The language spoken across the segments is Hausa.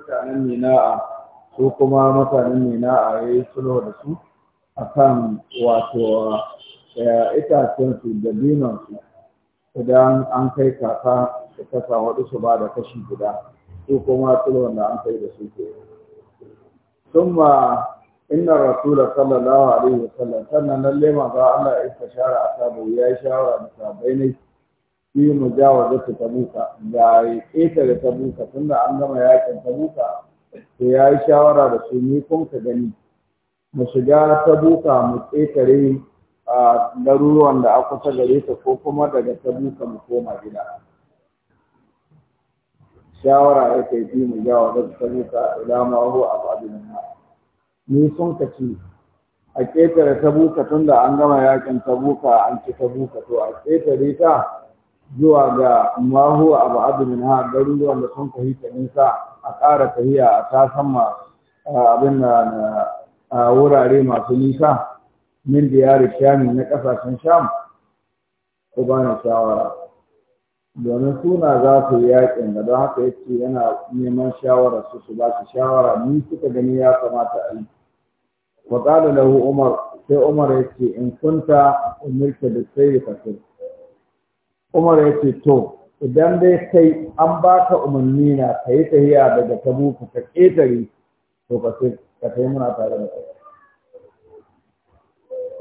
mutanen Nina'a su kuma mutanen Nina'a ya yi sulhu da su akan wato eh, itacen su da dinon su idan an kai kaka da kasa hudu su ba da kashi guda su kuma sulhun da an kai da su ke summa inna rasula sallallahu alaihi wasallam sannan lalle ana Allah ya a asabu ya yi shawara da sabai ne mu fi ta tabuka da ƙetare tabuka tunda an gama yakin tabuka to ya yi shawara da su ni kun ka gani mu shiga tabuka mu ƙetare a garuruwan da aka kusa gare ta ko kuma daga tabuka mu koma gida shawara ya kai fi ta tabuka idan ma babin na ni sun ka ci a ƙetare tabuka tunda an gama yakin tabuka an ci tabuka to a ƙetare ta zuwa ga mahuwa abu abu min ha garuruwan da sun fahimta nisa a ƙara tafiya a ta sama abin da wurare masu nisa min diyar shami na ƙasashen sham ko ba na shawara domin suna za su yi yaƙin da don haka ya ce yana neman shawara su su ba su shawara ni suka gani ya kamata a yi wa ƙada hu umar sai umar ya ce in kunta umirka da sai ya fasir umar ya ce to idan dai kai an baka umarni na ka yi tahiya daga tabuka ka ƙetare to ka sai ka sai muna tare da kai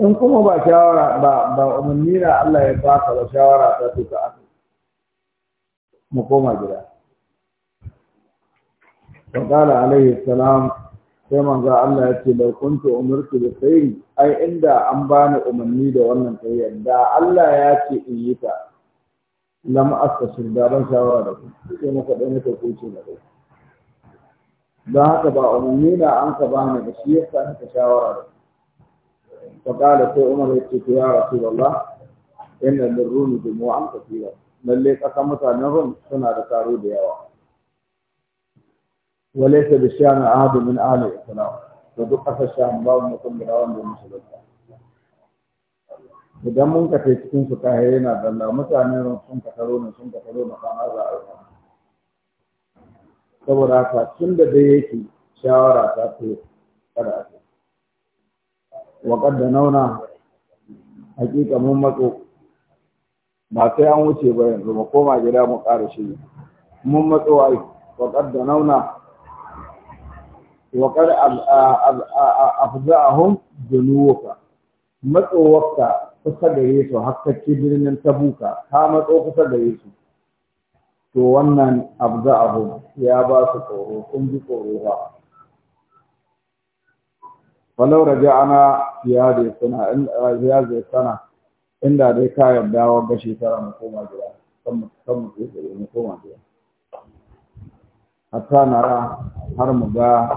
in kuma ba shawara ba ba umarni na Allah ya baka ba shawara ta ce ka aka mu koma gida wa qala alaihi salam sai manzo Allah ya ce bai kuntu umirtu da sai ai inda an bani umarni da wannan tahiyar da Allah ya ce in yi ta لم أستشر دارن شاورا لكم كي مكدين شيء لكم ذهك بأمنين أنك بأمن بشيخ فأنك شاورا لكم فقال سي عمر يتك يا رسول الله إن الروم جموعا كثيرا بل ليك أقمت عن الروم يا ركارو ديوا وليس بالشام عاد من آل إسلام فدقة الشام باب مطمئن من مسلم idan mun ka kai cikin su kahe yana zalla mutane sun ka taro ne sun ka taro ne kama za a yi saboda haka tun da dai yake shawara ta ce kada a ce wa kadda nauna hakika mun matso ba sai an wuce ba yanzu ba koma gida mu ƙara shi mun matso ai wa kadda nauna wa kad afza'ahum junuka matsowarka kusa gare su hakkaki birnin tabuka ta matso kusa gare su to wannan abza abu ya ba su tsoro kun ji tsoro ba falau raja'ana ya da sana ya da sana inda dai ka yarda wa ga shekara mu koma gida san mu san mu mu koma gida hatta nara har mu ga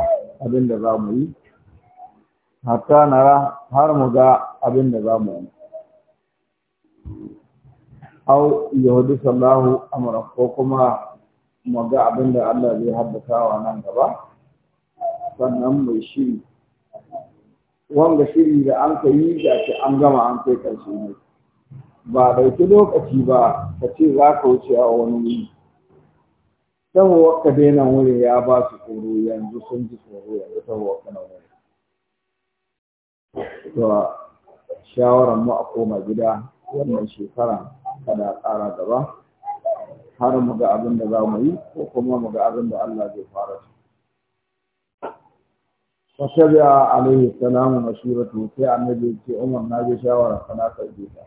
abin da za mu yi hatta nara har mu ga abin da za mu yi au yahudu sallahu amara ko kuma mu ga abin Allah zai haddasa wa nan gaba sannan mai shiri Wanda shiri da an ka yi da shi an gama an kai karshe ne ba ɗauki lokaci ba ka ce za ka wuce a wani wuri saboda ka daina wurin ya ba su tsoro yanzu sun ji tsoro yanzu saboda na wuri to shawaran mu a koma gida wannan shekara kada ƙara gaba har mu ga abin da za mu yi ko kuma mu ga abin da Allah zai fara su. Fasabiya alaihi salamu mashuratu sai annabi ce Umar na ji shawara kana karbe ta.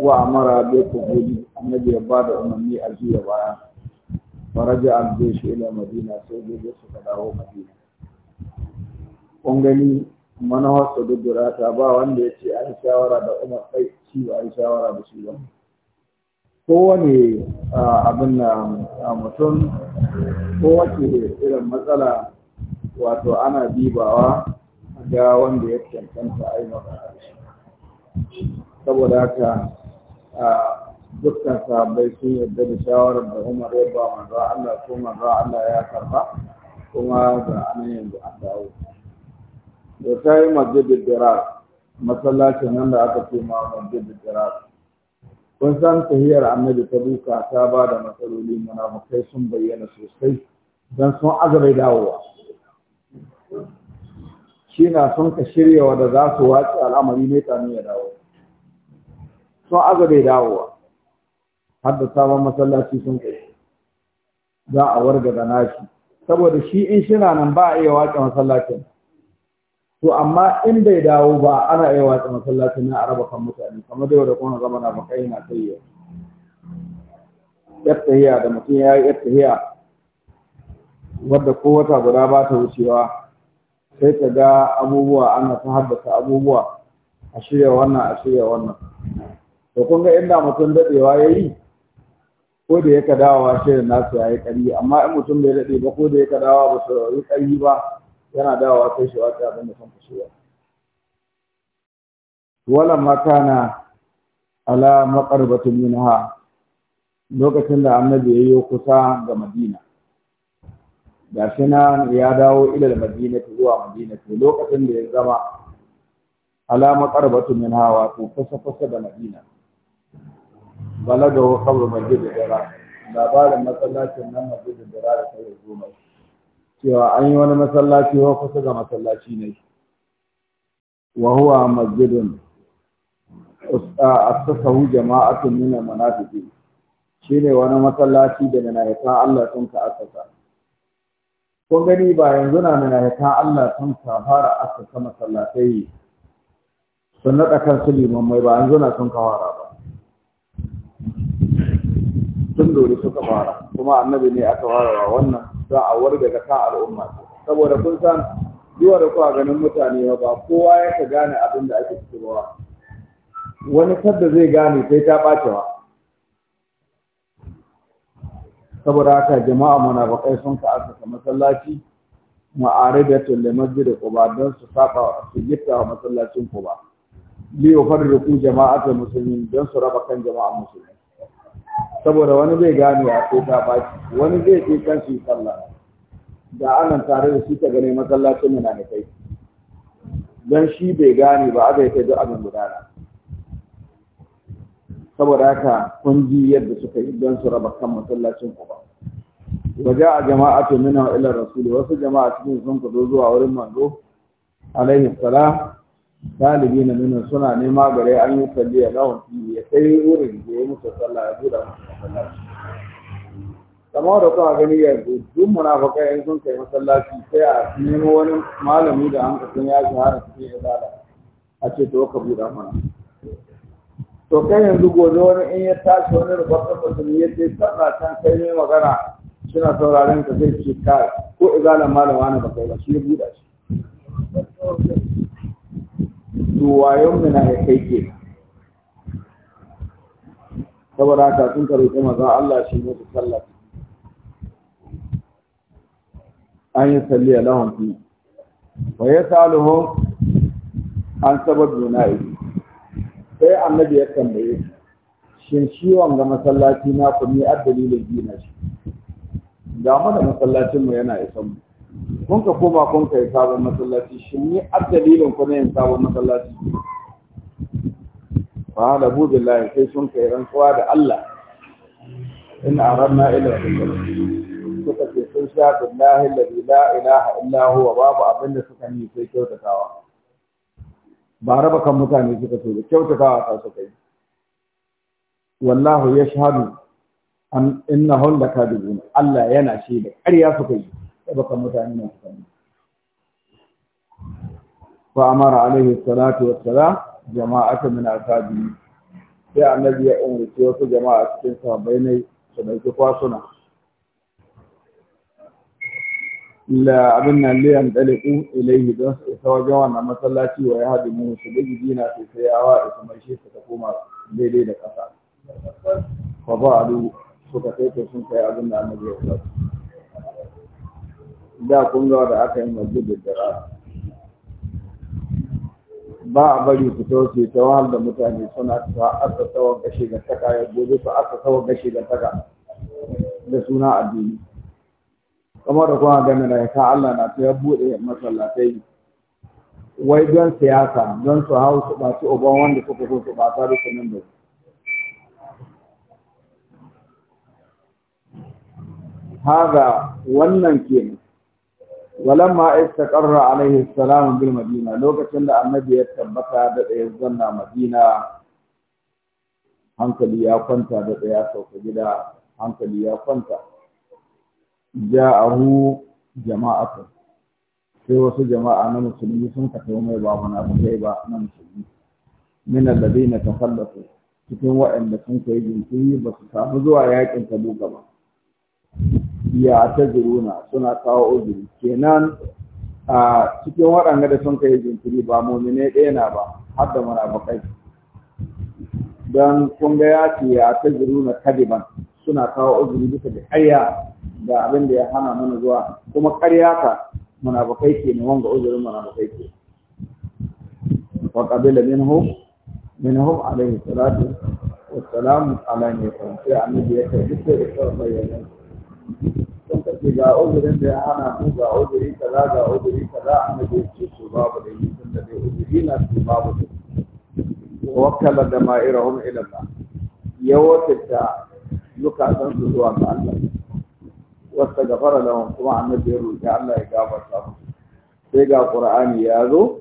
Wa amara bai kuhuli annabi ya ba da umarni a jiya baya. Faraja al shi ila Madina sai je suka dawo Madina. Kun gani manawar su ta ba wanda ya ce an shawara da umar kai shi ba an shawara da shi ba kowane abin na mutum kowace irin matsala wato ana bibawa ga wanda ya cancanta a yi magana saboda haka dukkan sabai sun yarda da shawarar da umar ya ba manzo Allah ko manzo Allah ya karba kuma ga anan yanzu an dawo da ta yi masjidin dirar masallacin nan da aka ce ma masjidin dirar kun san tahiyar annabi ta duka ta ba da matsaloli munafukai sun bayyana sosai don sun azabai dawowa shi na sun ka shirya wadda za su wace al'amari ne tani ya dawo sun azabai dawowa har da sabon masallaci sun kai za a warga da nashi saboda shi in shina nan ba a iya wace masallacin to amma in bai dawo ba ana iya watsa masallaci na araba kan mutane kamar da yau da kuma zama na kai na ya yattahiya da mutum ya yi yattahiya wadda ko wata guda ba ta wucewa sai ta ga abubuwa ana ta haddasa abubuwa a shirya wannan a shirya wannan to kun ga inda mutum daɗewa ya yi ko da yaka dawowa shirin nasu ya yi ƙari amma in mutum bai daɗe ba ko da yaka dawowa ba su yi ƙari ba yana dawowa kai shi wata abin da kan fushewa wala makana ala maqarbatin minha lokacin da annabi ya yi kusa ga madina Da shi nan ya dawo ilal madina zuwa madina to lokacin da ya zama ala maqarbatin minha wato kusa kusa da madina balaga wa qabr da dara da masallacin nan masjid dara da kai zuwa cewa an yi wani masallaci ko kusa ga masallaci ne wa huwa masjidun asasahu jama'atun min al-munafiqin shine wani masallaci da munafiqan Allah sun ka asasa ko gani ba yanzu na munafiqan Allah sun ka fara asasa masallatai sun nada kan su mai ba yanzu na sun ka fara ba sun dole suka fara kuma annabi ne aka fara wannan za a warga daga ka al'umma saboda kun san zuwa da kuwa ganin mutane ba kowa ya ka gane abin da ake cewa wani sadda zai gane sai ta bacewa saboda haka jama'a kai sun ka asaka masallaci ma'aridatul li masjid don su saba su gitta masallacin quba li jama'a jama'atul musulmi don su raba kan jama'a musulmi saboda wani zai gane a ko ta baki wani zai je kan shi sallah da anan tare da shi ta gane masallacin mu da kai dan shi bai gane ba aka kai duk abin gudana saboda haka kun ji yadda suka yi don su raba kan masallacin ku ba waje a jama'a to mina ila rasuli wasu jama'a cikin sun zo zuwa wurin manzo alaihi salam talibi na nuna suna nema gare an yi salli ya lawan ya sai wurin da ya musu sallah ya buɗe musu masallaci kamar da kuma gani yanzu duk munafakai in sun kai masallaci sai a nemo wani malami da an kasan ya shahara cikin ibada a ce to ka buɗe mana to kai yanzu gobe wani in ya tashi wani su mutum ya ce sallah can kai ne magana suna sauraron ka zai ce kai ko izalan malama ne ba kai ba shi ya buɗe shi Su wayon mu na ya kai ke saboda haka sun karoƙi maza Allah shi musu sallah an yi salli a lahun fi wa ya an sababu na yi sai annabi ya tambaye shi shin ciwon ga masallaci na ku ni a dalilin gina shi ga mana masallacin yana isan mu kun ka koma kun yi sabon masallaci shi ni dalilin ku ne sabon masallaci da buɗe layi sai sun kai rantsuwa da Allah Ina in aradna ila suka ce sun sha billahi alladhi la ilaha illa huwa babu abin da suka yi sai kyautatawa ba raba kan mutane suka so kyautatawa ta suka yi wallahu yashhadu an innahum lakadibun Allah yana shi da ƙarya suka yi فأمر عليه الصلاة والسلام جماعة من أعتابه يا النبي أمر سيوت جماعة سنسا بيني سبيت قواسنا لا أبنى اللي أندلقوا إليه دنس إسوا جوانا مسلاتي ويهدي موسى بجدينا في سياوة ثم يشيس تقوم بليل قطع فضعوا سكتيت سنسا يا أبنى النبي أمر سيوت da kun ga da aka yi da dara ba a bari fito su ta wahal da mutane suna ta aka tsawon gashi ga taka ya gobe su aka tsawon gashi ga taka da suna addini kamar da kuma gane da ka Allah na ta buɗe masallatai wai don siyasa don su hau su ɓaci uban wanda suka so su ba da su nan da haga wannan kenan walamma istaqarra alaihi salam bil madina lokacin da annabi ya tabbata da zanna madina hankali ya kwanta da ya sauka gida hankali ya kwanta ja'ahu jama'atu sai wasu jama'a na musulmi sun ka mai ba sai ba na musulmi min alladhina tafallatu cikin waɗanda sun kai jinkiri ba su samu zuwa yakin tabuka ba ya ta zuruna suna kawo uzuri kenan a cikin waɗanda da sun kai jinkiri ba mumine ɗaya na ba har da bakai don kun ga ya ce ya ta zuruna kadiban suna kawo uzuri bisa da ƙarya da abin da ya hana mana zuwa kuma ƙarya ka bakai ke ne wanga uzurin munafikai ke wa qabila minhu minhum alayhi salatu wassalamu ala nabiyyi annabi ya kai duk da yanzu. sun kace ga uzurin da ya hana mu ga uzuri kaza ga uzuri kaza annabi ya ce su babu da yi tunda dai uzuri na su babu da wakkala da ma'irahum ila Allah ya wata zukatan su zuwa ga Allah wasta gafara lahum kuma annabi ya roƙi Allah ya gafarta musu sai ga Qur'ani ya zo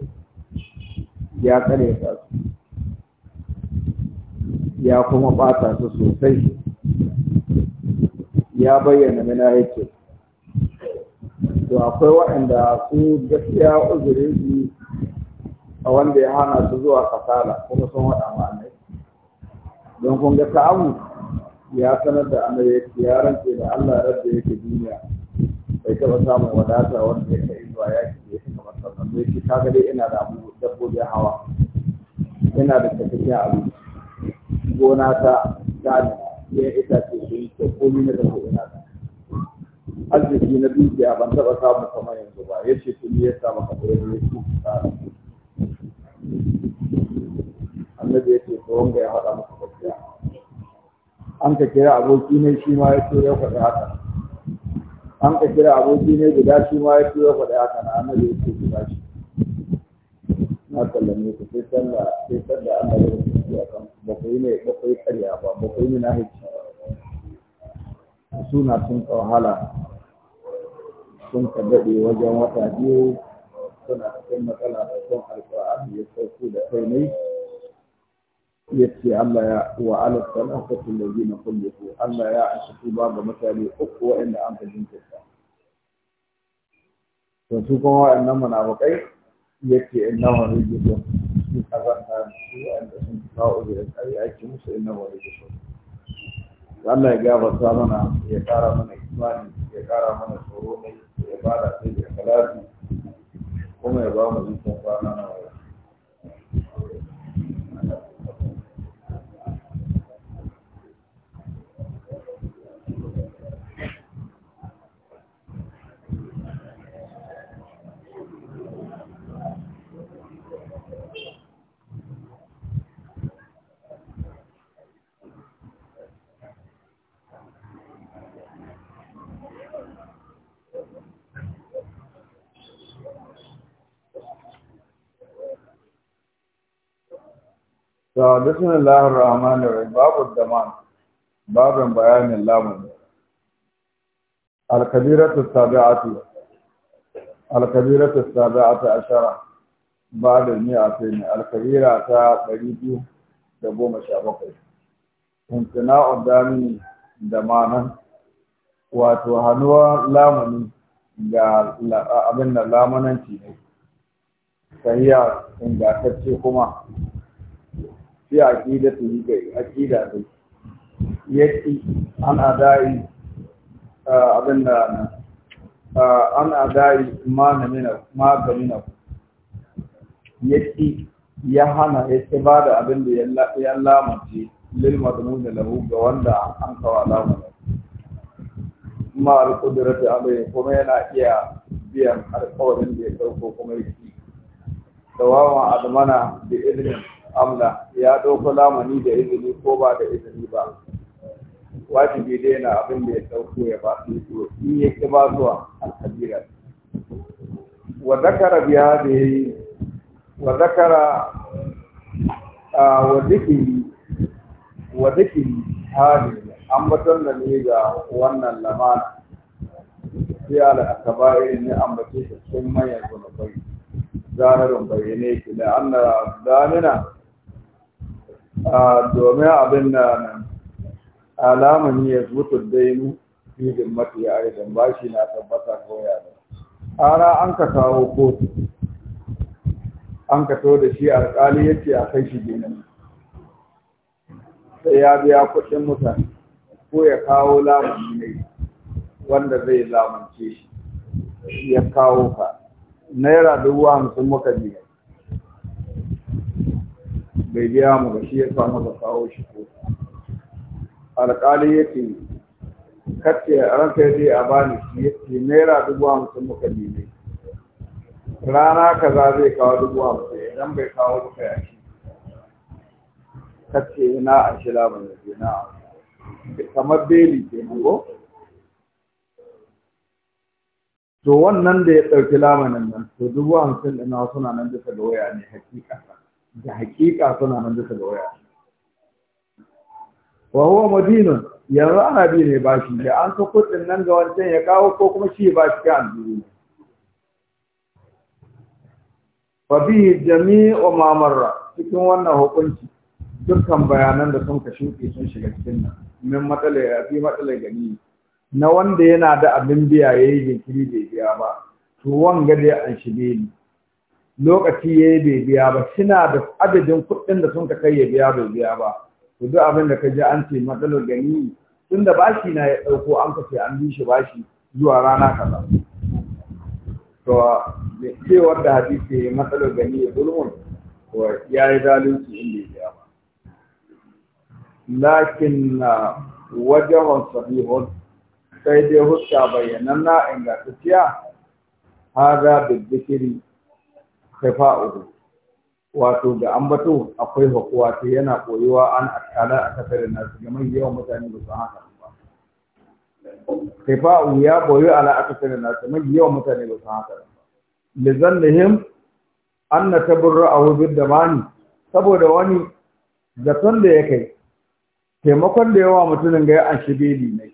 ya kare su ya kuma bata su sosai ya bayyana mana yake to akwai waɗanda su gaskiya uzurin su a wanda ya hana su zuwa kasala kuma sun haɗa ma'anai don kun ga ta'amu ya sanar da annabi ya rance da Allah rabbi yake duniya bai taɓa samun wadata wanda ya kai zuwa yaki da ya kamar sannan mai ki ta ina da abu dabbobi hawa ina da cikakken abu. gona ta gane ya isa ce su yi kyau ko na da ko'ina da arziki na dukiya ban taɓa samun kamar yanzu ba ya ce tuni ya samu kaburin ya su tsara annabi ya ce ko wanda ya faɗa maka gaskiya an ka kira aboki ne shi ma ya so ya faɗi haka an ka kira aboki ne guda shi ma ya so ya faɗi haka na annabi ya ce guda shi na sallame ku sai sallah sai sallah annabi ya ce a kan ba ku yi ne ba ku yi karya ba ba ku yi na hajji suna sun wahala sun ka daɗe wajen wata biyu suna cikin matsala da sun alƙur'ani ya sauko da kai ne ya ce Allah ya wa alif salatu lillahi na kulli Allah ya ashiku ba ga mutane uku waɗanda an ka jinkirta to su kuma waɗannan munafiqai yace innahu rijsun cikin ƙazanta su wanda sun kawo da ƙarya ake musu inna wani da shi Allah ya gabata mana ya kara mana imani ya kara mana tsoro mai ya bada sai da kalafi kuma ya ba mu zuciyar kwana na to bismillahir rahmanir rahim babu daman babin bayanin lamun al-kabiratu tabi'atu al-kabiratu tabi'atu ashara ba da ni a sai ne al-kabira ta 217 intina'u damini da manan wato hannuwa lamuni ga abin da lamunanci ne sahiya ingantacce kuma fi aqidatu ƙida su ya yaki an adai abin da ana an adai manamina magamina yaki ya hana ya ce ba da abin da ya lamace lil madmun da lahu ga wanda an kawo lamace ma al qudrati abai kuma yana iya biyan alƙawarin da ya sauko, kuma ya yaki dawawa admana da ilimin. amla ya ɗauko lamani da izini ko ba da izini ba wajibi dai na abin da ya ɗauko ya ba su so in ya ƙi ba a alkabira wa zakara biya da ya yi wa zakara wa zikiri wa zikiri hali ambaton da ne ga wannan lamana sai ala akabari ne ambace shi cikin manyan zunubai zahirin bayyane ki da an na zamina domin abin na alamun ya zuta dainu fidin mafi a idan bashi na tabbata ko ya ƙara an ka kawo kotu an ka to da shi alƙali ya ce a kai shi ginin sai ya biya kuɗin mutane ko ya kawo lamun ne wanda zai lamunce shi ya kawo ka naira dubu hamsin muka biya bai biya mu ba shi ya sa maza kawo shi ko alƙali yake a ranka dai a bani shi yake naira dubu hamsin muka nemi rana kaza zai kawo dubu hamsin idan bai kawo muka yashi. ashi kace ina a shi labarin da na kamar beli ke ko to wannan da ya ɗauki lamanin nan to dubu hamsin ɗina suna nan duka da waya ne hakika da hakika suna nan ta ga waya wa huwa madinun yanzu ana bi ne bashi da an ka kudin nan ga wancan ya kawo ko kuma shi ba shi ka aljihu fa bi jami'u ma marra cikin wannan hukunci dukkan bayanan da sun ka shuke sun shiga cikin nan min matsala ya fi matsala gani na wanda yana da abin biya yayi jinkiri bai biya ba to wanga dai an shige ni lokaci ya yi bai biya ba suna da adadin kuɗin da sun ka kai ya biya bai biya ba to duk abin da ka ji an ce matsalar gani tun da bashi na ya ɗauko an ka ce an bi shi bashi zuwa rana kaza to cewar da hadisi matsalar gani ya gulmun to ya yi zalunci in bai biya ba lakin na wajen bihon, sai dai hutta bayyananna ingantacciya hada da jikiri tafa'udu wato da ambato akwai hakuwa wato yana koyuwa an akala a kasarin nasu ga mai yawan mutane ba su haka ba tafa'u ya boyu ala a kasarin nasu mai yawan mutane ba su haka ba lizannihim anna tabarra'u bid-damani saboda wani zaton da ya kai taimakon da yawa mutumin ga ya an shi ne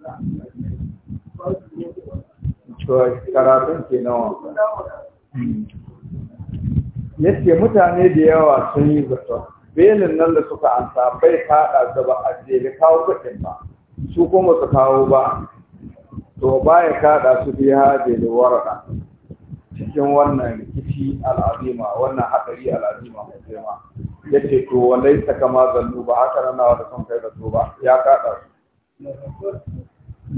karatun ke nawa yace mutane da yawa sun yi zato belin nan da suka ansa bai fada da ba a jeli kawo kuɗin ba su kuma su kawo ba to baya kada su biya da warada cikin wannan rikici al'azima wannan hadari al'azima mai girma yace to wallahi ta kama zallu ba haka nan da sun kai da to ba ya kada su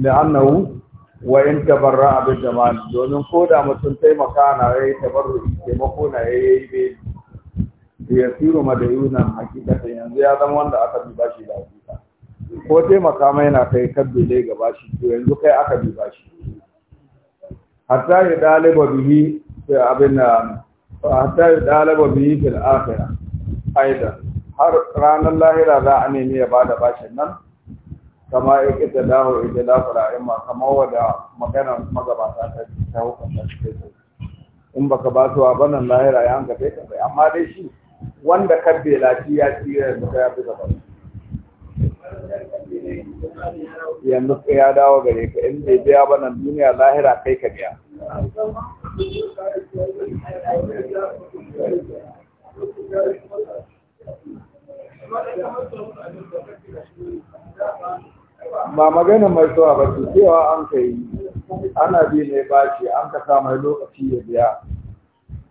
la'annahu in tabarra abin jamani domin ko da mutum taimaka na ya yi tabarruki taimako na ya yi be da ya siro madayunan yanzu ya zama wanda aka bi bashi da hakika ko taimaka mai na kai kabbe dai ga bashi to yanzu kai aka bi bashi hatta ya daliba bihi abin da hatta ya daliba bihi fil akhirah aidan har ranar lahira za a nemi ya bada bashin nan kama ya kita dawo ita da ma kama wada magana magabata ta ce ta hukunta su ke in baka ba su a banan lahira ya hanka kai kan amma dai shi wanda kabbe lafi ya tsira yanzu ka yafi gaba yanzu ka ya dawo gare ka in bai biya banan duniya lahira kai ka biya Thank you. ba magana mai zuwa ba ce cewa an ka yi ana bi ne ba ce an ka sa mai lokaci ya biya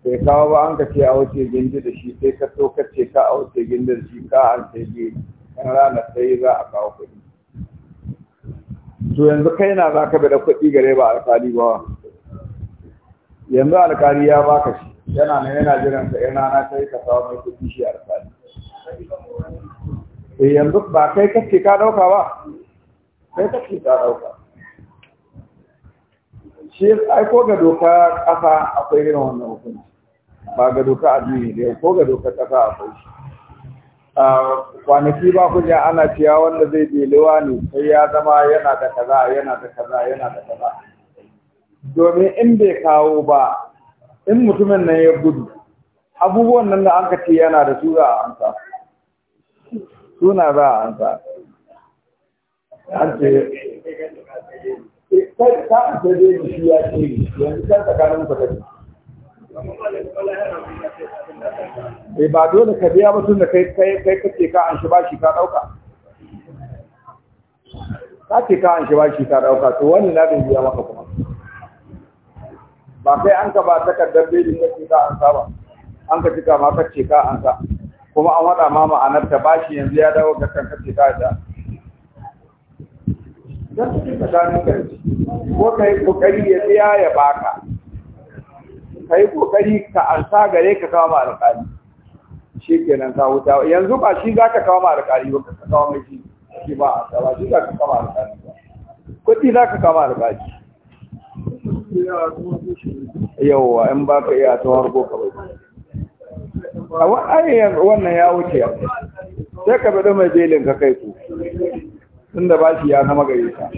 bai kawo ba an ka ce a wuce gindi da shi sai ka so ka ce ka a wuce gindi da shi ka an sai bi kan ranar sai za a kawo kuɗi to yanzu kai na za ka bada kuɗi gare ba alkali ba yanzu alkali ya baka shi yana nan yana jiran sa na rana sai ka sa mai kuɗi shi alkali eh yanzu ba kai kake ka dauka ba sai ta ce ta dauka. shi ai ko ga doka ƙasa akwai irin wannan hukunci ba ga doka addini da ko ga doka ƙasa akwai shi kwanaki ba ku ana cewa wanda zai je lewa ne sai ya zama yana da kaza yana da kaza yana da kaza domin in bai kawo ba in mutumin nan ya gudu abubuwan nan da an ka ce yana da su za a amsa suna za a amsa an ce ta an ce dai shi yanzu kan tsakanin ku eh, ba dole ka biya mutum da kai kai kai kace ka an shi bashi ka dauka ka ce ka an shi bashi ka dauka to wani na biya maka kuma ba kai an ka ba takardar bejin kace ka an ba, an ka cika ma ka ce ka an sa kuma an wada ma ma'anar ta bashi yanzu ya dawo ga kan kace ka da don cikin tsakanin ka ko ka yi kokari ya biya ya baka ka yi kokari ka ansa gare ka kawo ma alƙali shi kenan ka huta yanzu ba shi za ka kawo ma alƙali ba ka kawo mai shi shi ba a ba shi za ka kawo ma alƙali ba kuɗi za ka kawo ma alƙali yawwa in ba ka iya ta harko ka bai a wa'ayyar wannan ya wuce sai ka bada mai belin ka kai ku Tunda ba bashi ya zama gare ta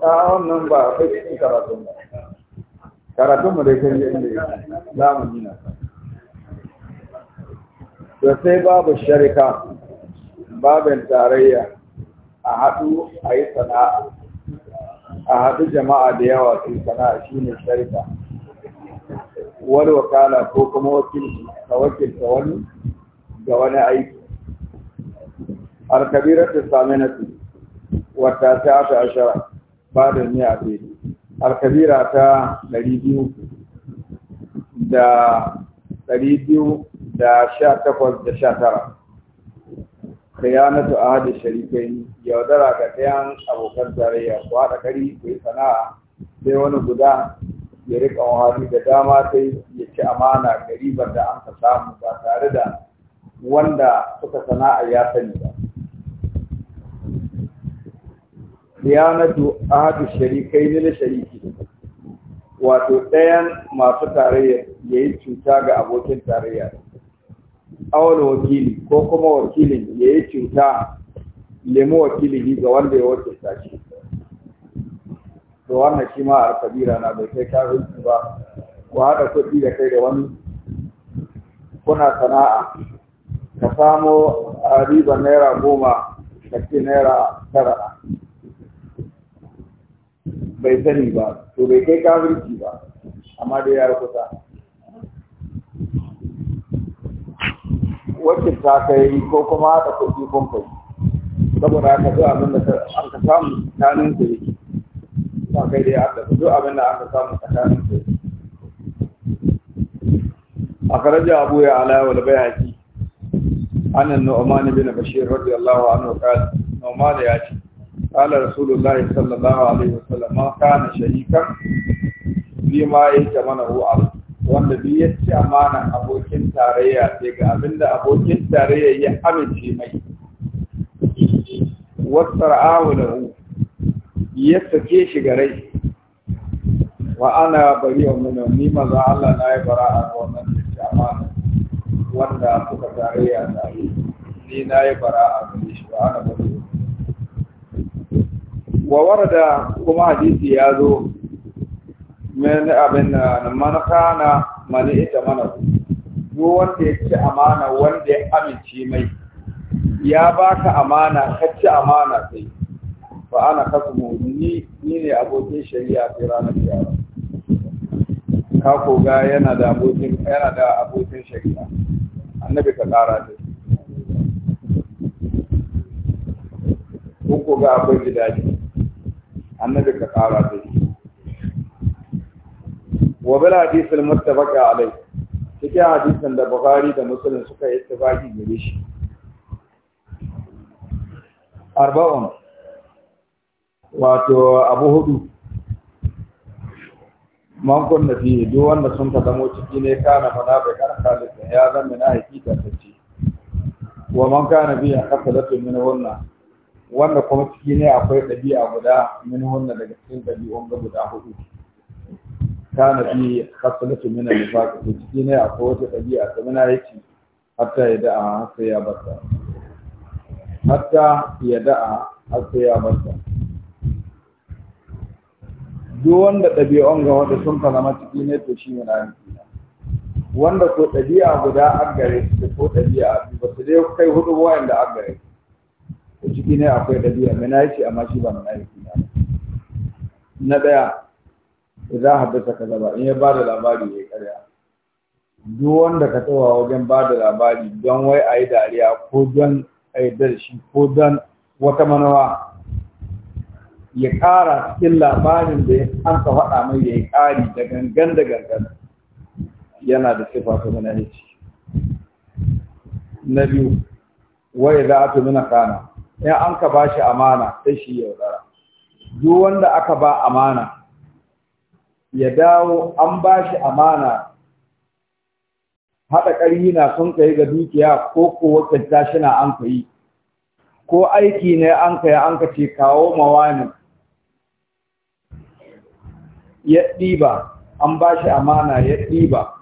a wannan ba a cikin karatun ba karatun mu dai kan inda za mu nuna da sai babu sharika babin tarayya a haɗu a yi sana'a a haɗu jama'a da yawa su sana'a shine sharika wani wakala ko kuma wakilci ka wakilta wani ga wani aiki alkabirar ta same na su wata ta ta ashara ba da ni a fili alkabira ta ɗari biyu da ɗari biyu da sha takwas da sha tara khiyanatu ahadi sharikai yaudara ga ɗayan abokan tarayya ku haɗa kari ku yi sana'a sai wani guda ya rika wahali da dama sai ya ci amana ribar da an ka samu ba tare da wanda suka sana'a ya sani ba diyanatu ahadu sharikai ne shariki wato ɗayan masu tarayyar ya yi cuta ga abokin tarayya awal wakili ko kuma wakilin ya yi cuta lemu wakili ga wanda ya wakilta shi to wannan shi ma alkabira na bai kai kafirci ba ku haɗa kuɗi da kai da wani kuna sana'a ka samo riba naira goma da ce naira tara bai sani ba to bai kai kafirci ba amma dai ya rukuta wacce ta kai ko kuma haɗa kuɗi kun saboda haka zuwa abin da an ka samu tanin da yake sa kai dai ya haɗa duk abin da aka samu tsakanin su a karaja abu ya ala wal bayaki an nu'man bin bashir radiyallahu anhu qala nu'man ya ce qala rasulullahi sallallahu alaihi wa wasallam ma kana sharikan bima ta mana hu'a wanda duk ya ci amana abokin tarayya sai ga abinda abokin tarayya ya amince mai wasar'ahu lahu ya ke shi garai wa ana bari wa muna ni maza Allah na yi bara'a a wannan jama'a wanda suka tarayya da ni ni na yi bara'a ga shi wa ana bari wa warada kuma hadisi ya zo men abin da na man kana mani ita mana ku. duk wanda ya ci amana wanda ya amince mai ya baka amana ka ci amana sai fa ana khasmu ni ni ne abokin shari'a a ranar kiyama ka ko ga yana da abokin yana da abokin shari'a annabi ka kara da ko ko abin akwai gidaje annabi ka kara da wa bil hadith al muttafaq alayh cikin hadisin da bukhari da muslim suka yi ittifaqi gare shi arba'un wato abu hudu man kunna fi duk wanda sun ka zamo ciki ne kana munafiqan khalisan ya zama na hakika tace wa man kana bi hasalatun min hunna wanda kuma ciki ne akwai dabi'a guda min hunna daga cikin dabi'un ga guda hudu kana bi hasalatun min nifaq ciki ne akwai wata dabi'a ta mina yake hatta ya da'a har sai ya barta hatta ya da'a har sai ya barta duk wanda ɗabi'un ga wanda sun ka matuƙi ciki ne to shi yin ne wanda ko ɗabi'a guda an gare su da ko ɗabi'a ba su dai kai hudu wa'anda an gare su ciki ne akwai ɗabi'a yake amma shi ba munafiki ne na ɗaya idan haddasa kaza in ya ba da labari ya karya duk wanda ka tsawa wajen ba da labari don wai a yi dariya ko don a yi shi ko don wata manawa ya ƙara cikin labarin da an ka faɗa mai ya yi ƙari da gangan da gangan yana da sifa ta munahici na biyu waye za a tumina kana in an ka ba shi amana sai shi yaudara duk wanda aka ba amana ya dawo an ba shi amana haɗa ƙarfi na sun kai ga dukiya ko ko wakilta shi na an ka yi ko aiki ne an ka yi an ka ce kawo mawanin ya ɗiba an ba shi amana ya ɗiba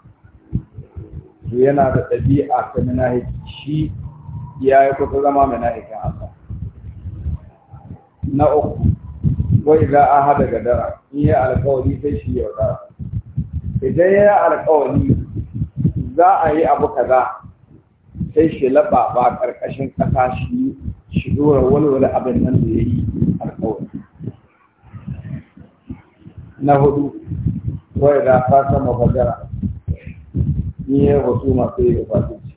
to yana da ɗabi'a ta minahiki shi ya yi kuka zama minahikin Allah na uku wai za a ga gadara in yi alkawari sai shi yaudara idan ya yi alkawari za a yi abu kaza sai shi laɓaɓa ƙarƙashin ƙasa shi shi dora walwala abin nan da ya yi na hudu wai da fasa mafajara ni ya wasu masu yi ci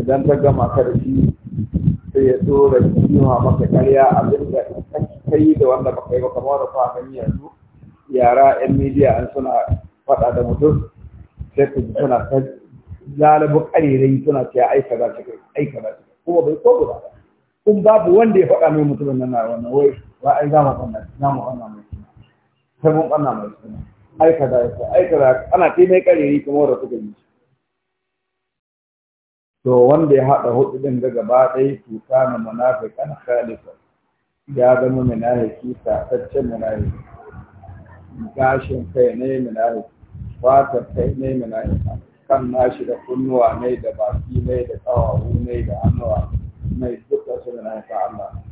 idan ta gama karfi sai ya tsora kima maka karya abin da ka yi da wanda baka yi ba kamar da kwa gani yanzu yara yan midiya an suna faɗa da mutum sai ku ji suna ta lalabu ƙarerai suna ce aika za kai, aika za kai kuma bai ko guda ba kun babu wanda ya faɗa mai mutumin nan na wannan wai ba ai za mu wannan za mu wannan mai sai mun ɓanna mai suna aika da aika aika da ana kai mai ƙareri kuma da suka yi to wanda ya haɗa hudu ɗin ga gaba ɗaya tuta na munafiqan khalifa ya zama munafiki tataccen munafiki gashin kai ne munafiki fatar kai ne munafiki kan nashi da kunnuwa ne da baki ne da ƙawawu ne da hannuwa ne duka su munafika Allah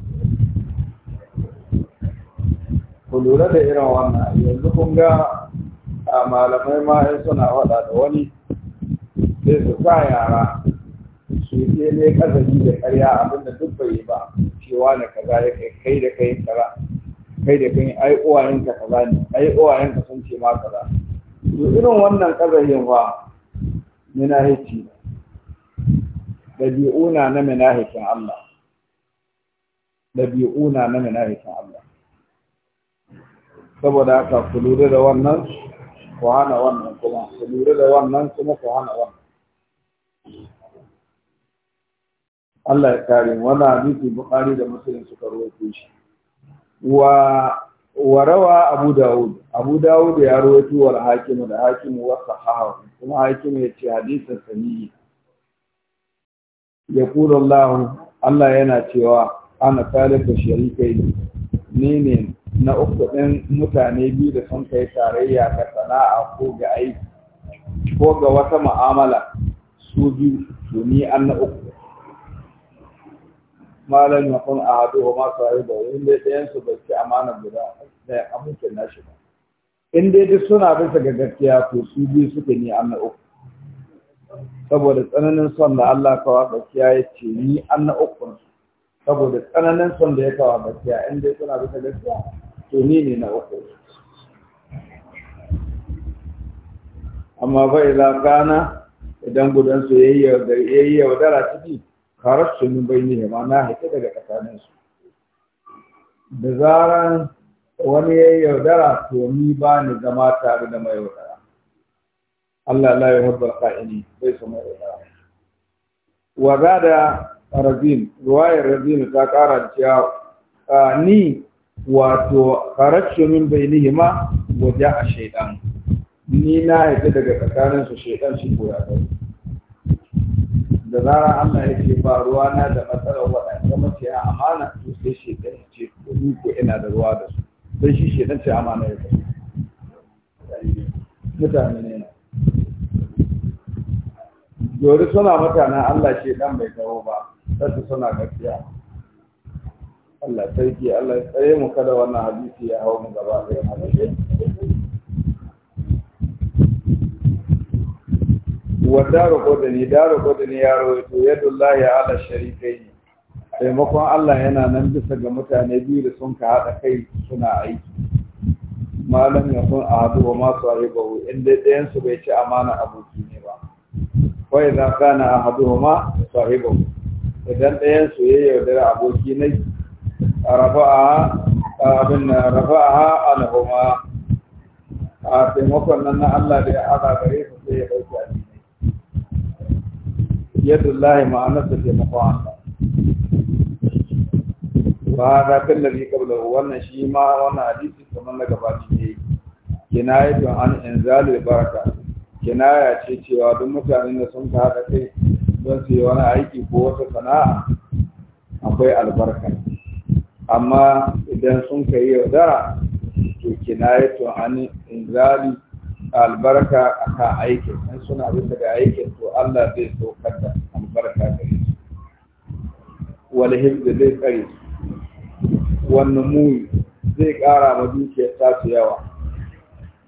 ku lura da irin wannan yanzu kun ga a malamai ma in suna faɗa da wani sai su sa yara su ke ne kasafi da karya abin da duk bai yi ba cewa ka kaza ya kai kai da kai kaza kai da kai ai uwayenka kaza ne ai ka sun ce ma kaza to irin wannan kazafin fa minahici ɗabi'una na minahikin Allah ɗabi'una na minahikin Allah saboda haka ku lura da wannan ku hana wannan kuma ku lura da wannan kuma ku hana wannan Allah ya kare wannan hadisi Bukhari da Muslim suka rawaito shi wa warawa Abu Dawud Abu Dawud ya rawaito wal Hakim da Hakim wa sahahu kuma Hakim ya ce hadisin sahihi yaqulu Allah Allah yana cewa ana talib da sharikai ne ne na uku ɗin mutane biyu da sun kai tarayya ga sana'a ko ga aiki ko ga wata ma'amala su biyu to ni an na uku malam ya kun a hadu wa masu haɗu da wani da ɗayan su bai ci amana guda ɗaya amincin nashi ba in dai duk suna bisa ga gaskiya to su biyu suka ni an na uku saboda tsananin son da Allah kawa gaskiya ya ce ni an na uku saboda tsananin son da ya kawo gaskiya in dai suna bisa gaskiya to ni ne na uku amma fa idza kana idan gudan su yayi yaudara ciki karasu min bayni ma na haƙe daga tsakanin su da zaran wani yayi yaudara to ni ba ni zama tare da mai yaudara Allah la yuhibbu al-qa'ini bai so mai yaudara wa zada razin ruwayar razin ta ƙara cewa ni wato karatu min hima waje a Shaidan. ni na haifi daga tsakanin su shaidan shi ko ya da zarar Allah ya ce ba ruwa na da matsalar waɗanda mace ya amana to sai shaidan ya ce ko ni ko ina da ruwa da su sai shi shaidan ce amana ya kai mutane ne Yori suna mutanen Allah shaidan bai kawo ba, tafi suna gaskiya Allah sarki Allah ya tsare mu kada wannan hadisi ya hau mu gaba ɗaya hadisi wa daru qudani daru qudani ya rawaito yadullahi ala sharikaini taimakon Allah yana nan bisa ga mutane biyu da sun ka haɗa kai suna aiki malam ya kun a wa masu ahibahu in dai ɗayansu bai ci amana aboki ne ba kawai za ka na wa masu ahibahu idan ɗayan su ya yaudara aboki ne a abin na rafa'a alhuma a taimakon nan na Allah da ya haɗa gare su sai ya ɗauki a cikin yadda Allah ma'anar da taimakon Allah ba da kallabi kabla wannan shi ma wannan hadisi kamar na gabata ne yi don an inzalul baraka ya ce cewa duk mutanen da sun ka haɗa kai don su yi wani aiki ko wata sana'a akwai albarka amma idan sun ka yi yaudara to kinayatu an inzali albarka a ka aiki in suna bisa da aiki to Allah zai saukar da albarka ga yi Wani hifzi zai tsare su wannan muyi zai ƙara ma ta su yawa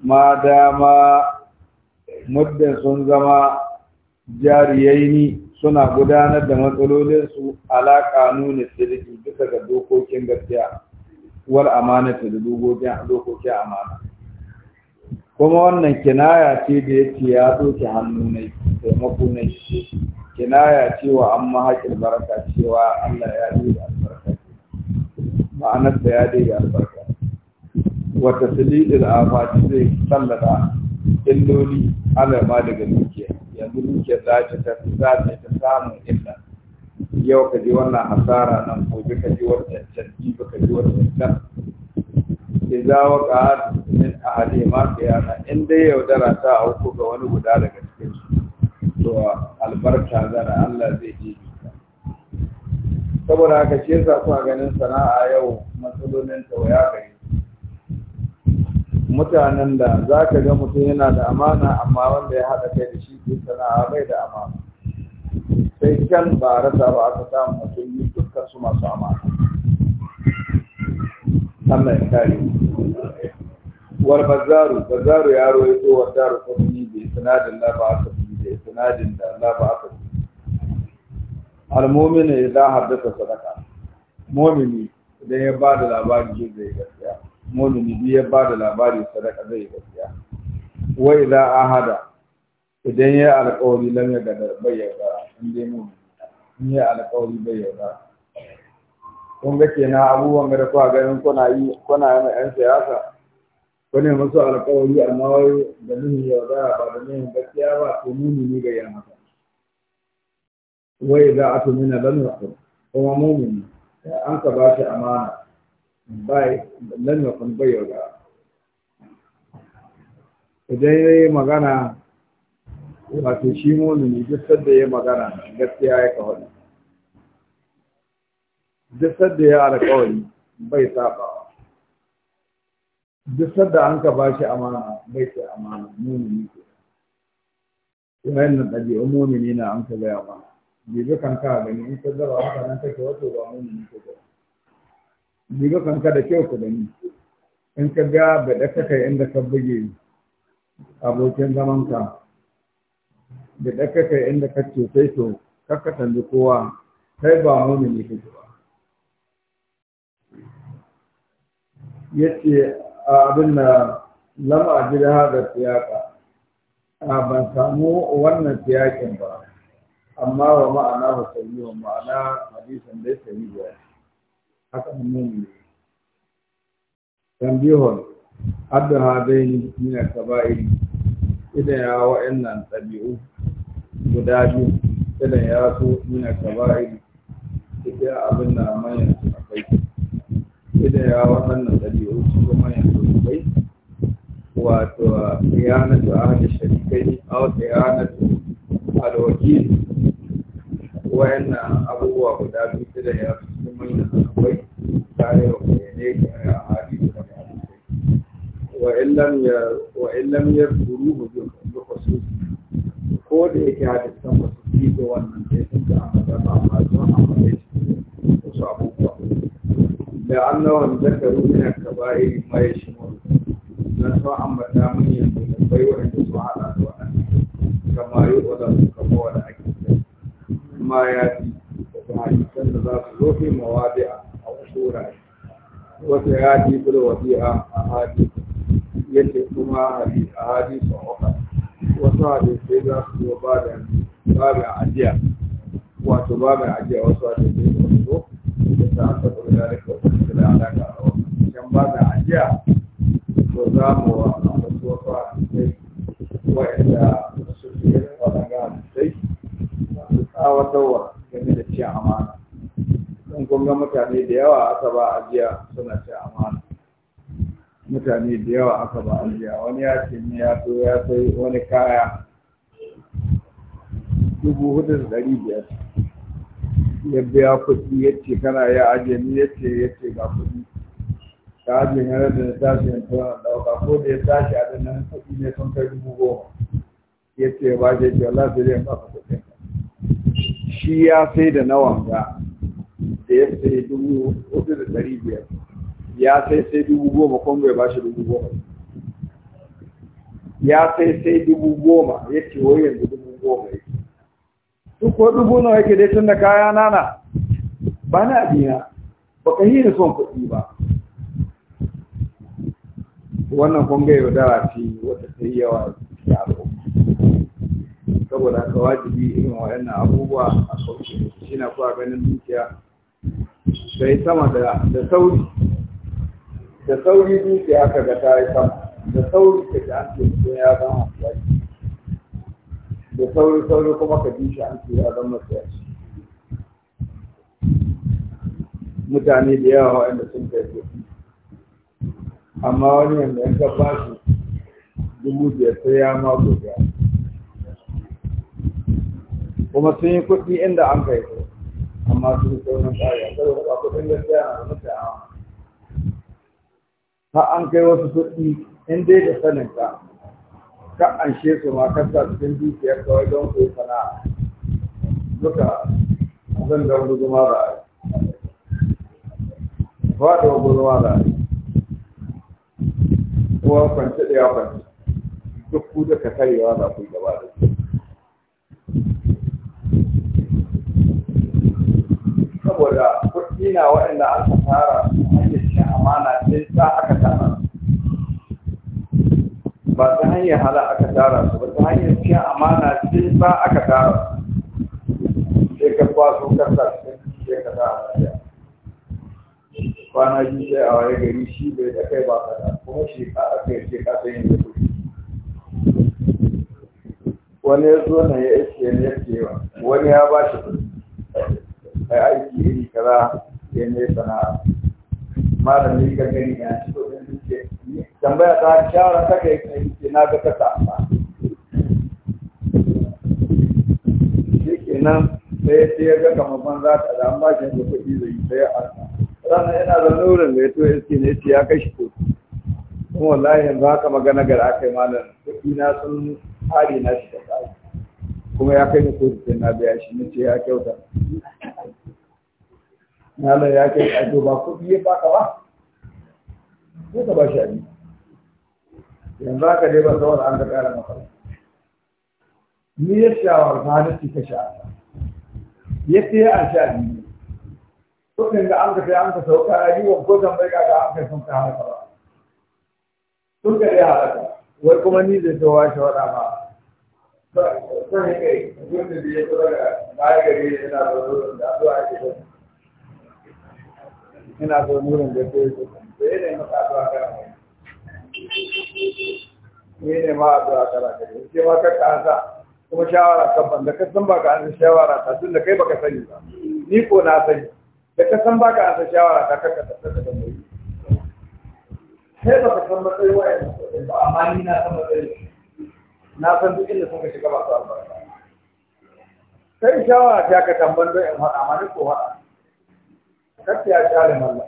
ma dama muddin sun zama jariyaini suna gudanar da matsalolinsu ala nuna sirri duka ga dokokin gaskiya wal amana da dokokin amana kuma wannan kinaya ce da yake ya doke hannu ne taimako shi kinaya cewa an hakin baraka cewa Allah ya yi da albarka ma'anar da ya albarka wata silidin afati zai sallada illoli alama daga dukiya yanzu dukiyar za ta tafi za ta ta samun illa yau ka ji wannan hasara nan gobe ka ji wannan canji ba ka ji wannan can zawo ka min ka yana in dai yaudara ta auku ga wani guda daga cikin su to albarka zara Allah zai ji saboda haka shi yasa kuma ganin sana'a yau matsalolin ta waya gari mutanen da za ka ga mutum yana da amana amma wanda ya haɗa kai da shi yi da amana sai can ba rasa ba aka samu mutum yi dukkan su masu amana Allah ya kare war bazaru bazaru yaro ya zo wa daru kwamini da sanadin da ba aka fi da sanadin da ba aka fi idan haddasa sadaka momini idan ya ba da labari zai gaskiya momini idan ba da labari sadaka zai gaskiya idan ya alƙawari lam ya ga bai yarda in dai mu in ya alƙawari bai yarda kun ga kenan abubuwan da kuka ganin kuna yi kuna yana yan siyasa ne musu alƙawari amma wai da nuhin yarda ba da nuhin gaskiya ba to muni ne ga yan haka wai za a mina lam yakun kuma mumini an ka ba shi amana bai lam yakun bai yarda idan yayi magana wato shi mumini duk sadda ya magana gaskiya ya kawai duk sadda ya alkawari bai sabawa duk sadda an ka ba shi amana bai ce amana mumini ke wayannan ɗabi'un mumini na an ka gaya ba jibi ga ni in ka zaba haka nan ke wato ba mumini ke ba jibi ka da kyau ka ni in ka ga ba ka kai inda ka buge abokin zamanka da ɗaukaka inda ka sai to kaka tambi kowa kai ba mumini kake ba yace abin da lama ajira hada siyaka a ban samu wannan siyakin ba amma wa ma'ana wa sayi wa ma'ana hadisan dai sayi ba haka mumini tambihon adda hadaini min al idan ya wa'annan ɗabi'u guda biyu idan ya so nuna kaba'iri ita abin da manyan su akwai idan ya waɗannan ɗabi'u su ko manyan su akwai wato kiyanatu ahli sharikai aw kiyanatu alwakil wa'annan abubuwa guda biyu idan ya so manyan su akwai tare da ne a hadisi وإن لم وإن لم يذكروه بخصوص ko da yake hadisan ba su fi da wannan sai sun ga amma ba amma don amma dai wasu abubuwa da annawan zakaru ne ka bai mai shi mu dan so amma da mun yanzu da bai wanda su hada da wannan kama yi wada kama wada ake ma ya ci da hadisan da za su zo fi mawadi'a a wasu wurare wata ya ci bil wasi'a a hadisi yake kuma a hadisu a wasu hadisai za su zo ba da babin ajiya wato babin ajiya wasu hadisai za su zo da ta hasa da da rika wasu da alaka a wasu can babin ajiya to za mu wasu wasu hadisai wa'anda su ke yin waɗanda hadisai masu tsawatarwa game da cin amana sun kuma mutane da yawa aka ba ajiya suna cin amana mutane da yawa aka ba aljiya wani ya ce ne ya to ya sai wani kaya dubu hudu da ɗari biyar ya biya kuɗi ya ce kana ya ajiye ni ya ce ya ce ga kuɗi ka ajiye na da na tashi tura da ɗauka ko da ya tashi a nan kuɗi ne sun kai dubu goma ya ce ba shi ya ce wala sai zai ba ka kuɗi shi ya sai da na wanga da ya sai dubu hudu da ɗari biyar ya sai sai dubu goma kongo ya bashi dubu goma ya sai sai dubu goma ya ce wai yanzu dubu goma ya duk ko dubu nawa yake dai tun da kaya nana ba na abina ba ka yi da son kuɗi ba wannan kongo ya dara ce wata ta yi yawa ya al'umma saboda ka wajibi irin wa'annan abubuwa a sauƙi shi na kuwa ganin dukiya sai sama da sauri da sauri dukiya aka ga ta yi sama da sauri ka ji an ce mutum ya zama masu da sauri sauri kuma ka ji shi an ce ya zama masu mutane da yawa waɗanda sun kai kuɗi amma wani yanda yanka ba su dubu biyar sai ya ma gobe kuma sun yi kuɗi inda an kai amma sun yi sauran tsari a karo da kuɗin gaskiya a mutane har an kai wasu kuɗi in dai da sanin ka ka an she su ma ka sa cikin dukiyar kawai don koyi sana'a duka zan wani zuma ba ba da zuma ba kuma kowa kwanci da ya kwanci duk ku da ka karewa za ku gaba da su saboda kuɗi na waɗanda an tara cikin amana sai sa aka tara ba ta hanyar hala aka tara su ba ta hanyar cikin amana sai sa aka tara sai ka kwaso kasa sai ka a da kwana biyu sai a waye gari shi bai da kai ba kada kuma shi ka aka yi ka sai yanzu. kuɗi wani ya zo na ya iske ne ya kewa wani ya ba shi kuɗi ai aiki iri kaza ya ne sana'a malami ka gani ya ci kudin duke. tambaya ta shara ta kai kai ce na ga kasa amma shi kenan sai sai ya ga kamar ban za ka da an ba shi da kuɗi zai sai ya arna sannan yana da nurin da ya to ya ce ne ya kashi ko kuma wallahi yanzu haka magana gara aka yi malam kuɗi na sun hari na shi da kuma ya kai ni kotu sai na biya shi ne ce ya kyauta malam ya kai ajo ba kuɗi ya baka ba Ko ka ba shi abin yanzu haka dai ba saboda an ka ƙara maka ni ya shawar ba na ci ka sha'ata ya ce a sha biyu kuɗin da an ka sai an ka sauka a yi wa ko tambayi ka ga an kai sun ka haka ba sun ka dai haka wai kuma ni zai ta washe waɗa ba sun yi kai wanda da ya tsara da baya gari yana da zuwa da zuwa ake ina so nurin da ke su da yi ne masa addu'a kara mai yi ne ma addu'a kara kare ke ma ka kasa kuma shawara ka ban da kasan baka an shawara ta tun da kai baka sani ba ni ko na sani da kasan baka an shawara ta kaka ta kaka da mai sai baka san matsayin wa'in ba amma ni na san matsayin na san duk inda suka shiga ba su albarka sai shawara ta ka tambar don in haɗa ma ni ko haɗa kake ya kare malla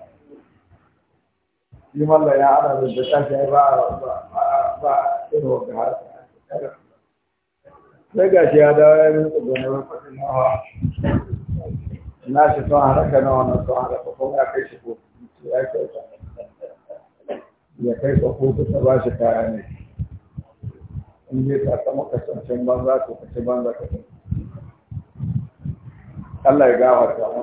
shi malla ya ana da tashi ba ba ba irin ga har sai gashi ya dawo ya rinka gani wani kudin nawa na shi sun haraka na wannan sun haraka ko ya kai shi ko ya kai ta ya kai ka ko ta ba shi kaya ne in yi ta sama kasancen banza ko kace banza ka Allah ya gafarta mu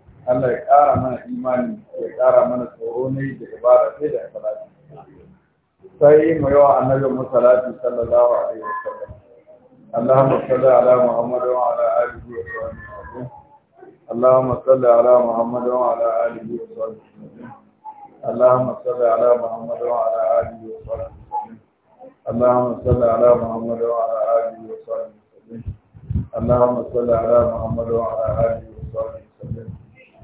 Allah ya ƙara mana imani ya ƙara mana tsoro ne da ibada sai da salati sai mu yawa annabi musallati sallallahu alaihi wasallam Allahumma salli ala Muhammad wa ala alihi wa sahbihi Allahumma salli ala Muhammad wa ala alihi wa sahbihi Allahumma salli ala Muhammad wa ala alihi wa sahbihi Allahumma salli ala Muhammad wa ala alihi wa sahbihi Allahumma salli ala Muhammad wa ala alihi wa sahbihi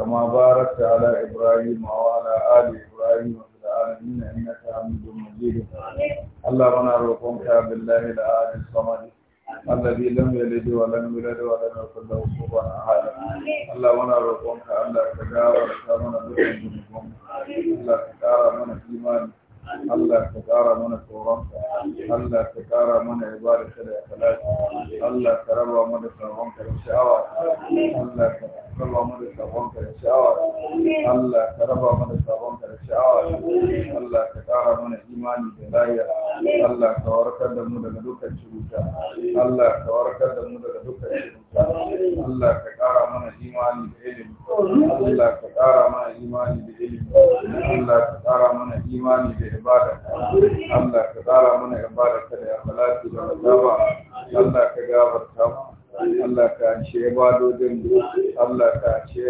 كما باركت على إبراهيم وعلى آل إبراهيم في العالمين إنك حميد مجيد اللهم نروقك بالله الآل الصمد الذي لم يلد ولم يولد ولم يكن له كفوا احد اللهم نروقك ان تجاوز من ذنوبكم لا تجاوز من ايمان Allah ka kara mana ka. Allah ka kara mana ibada ta da talaka Allah ka raba mana da ka da sha'awa Allah ka raba mana da ka da sha'awa Allah ka raba mana da ka da sha'awa Allah ka kara mana imani da lafiya Allah ka warkar da mu daga dukkan cuta Allah ka warkar da mu daga dukkan cuta Allah ka kara mana imani da ilimi Allah ka kara mana imani da ilimi Allah ka kara mana imani da ibada Allah ka tsara mana ibada ta da akhlaqi da mazaba Allah ka Allah ka ce Allah ka ce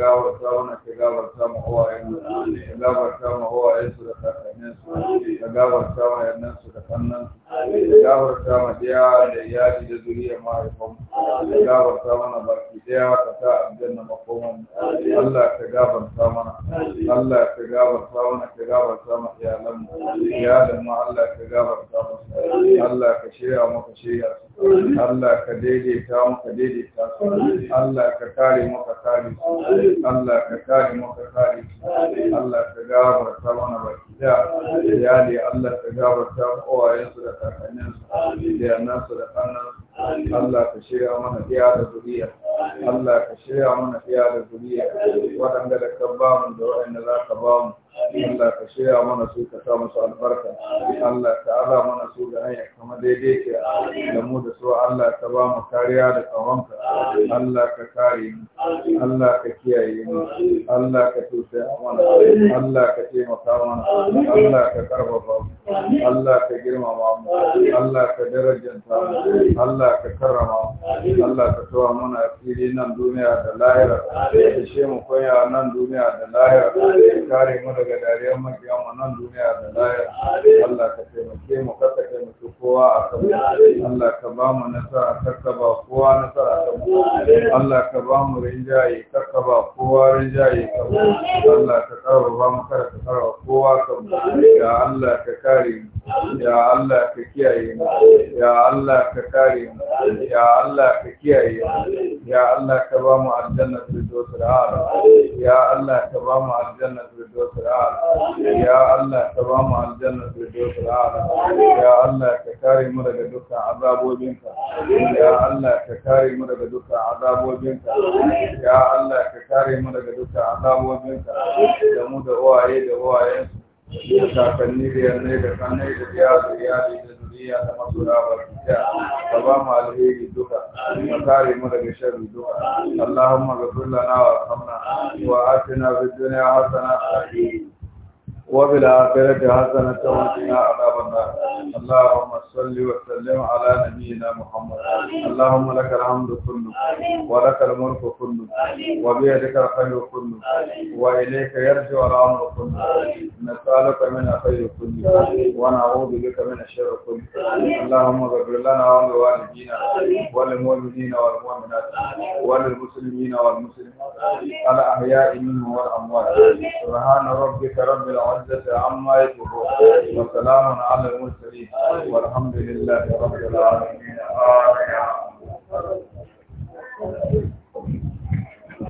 Allah ka mana ka mu ka mu su da kakannin su ka gafarta mu yannan su da kannan ka mu da da zuriya ka mana baki daya ka sa aljanna makoman Allah ka gafarta mana Allah ka gafarta mana ka gafarta mana iyalan mu iyalan mu Allah ka gafarta mana Allah ka shirya maka shirya su Allah ka daidaita mu ka daidaita su Allah ka kare mu ka kare su Allah ka kare mu ka kare su Allah ka gabata mana baki da iyali Allah ka gabarta uwayen su da kakannin su da yannan su da kannan Allah ka shirya mana iya da zuriya Allah ka shirya mana iya da zuriya waɗanda da ka ba mu da waɗanda za ka ba mu Allah ka shirya mana su ka sa musu albarka Allah ka ala mana su da hanya kama daidai ke da mu da su Allah ka ba mu kariya da tsawonka Allah ka kare mu Allah ka kiyaye mu Allah ka tusa mana Allah ka taimaka mana Allah ka karfafa mu Allah ka girmama mu Allah ka darajanta mu Allah ka karrama mu Allah ka tawa mana asiri nan duniya da lahira ka mu koya nan duniya da lahira ka kare mana da daga dariyar makiyan mu duniya da laya. Allah ka taimake mu ka taimake kowa a kan Allah ka ba mu nasara karka ba kowa nasara ka mu Allah ka ba mu rinjaye karka ba kowa rinjaye ka mu Allah ka karo ba mu kada ka karo kowa ka mu ya Allah ka kare mu ya Allah ka kiyaye mu ya Allah ka kare mu ya Allah ka kiyaye mu ya Allah ka ba mu aljanna firdausul a'la ya Allah ka ba mu aljanna firdausul a'la ya Allah ka ba mu aljanna da dosa ya Allah ka kare mu daga dukkan azabobinka ya Allah ka kare mu daga dukkan azabobinka ya Allah ka kare mu daga dukkan azabobinka da mu da uwaye da uwayensu da kakanni da yannai da kannai da iyali da iyali da duniya da masoya jiya. ka ba mu alheri duka ka kare mu daga sharri duka Allahumma ghfir lana warhamna wa atina fid dunya hasana وفي الآخرة حسنة وقنا عذاب النار اللهم صل وسلم على نبينا محمد اللهم لك الحمد كله ولك الملك كله وبيدك الخير كله وإليك يرجع الأمر كله نسألك من الخير كله ونعوذ بك من الشر كله اللهم اغفر لنا ولوالدينا وللمؤمنين والمؤمنات وللمسلمين والمسلمات الأحياء منهم والأموات سبحان ربك رب العالمين العزة عما يصفون وسلام على المرسلين والحمد لله رب العالمين آمين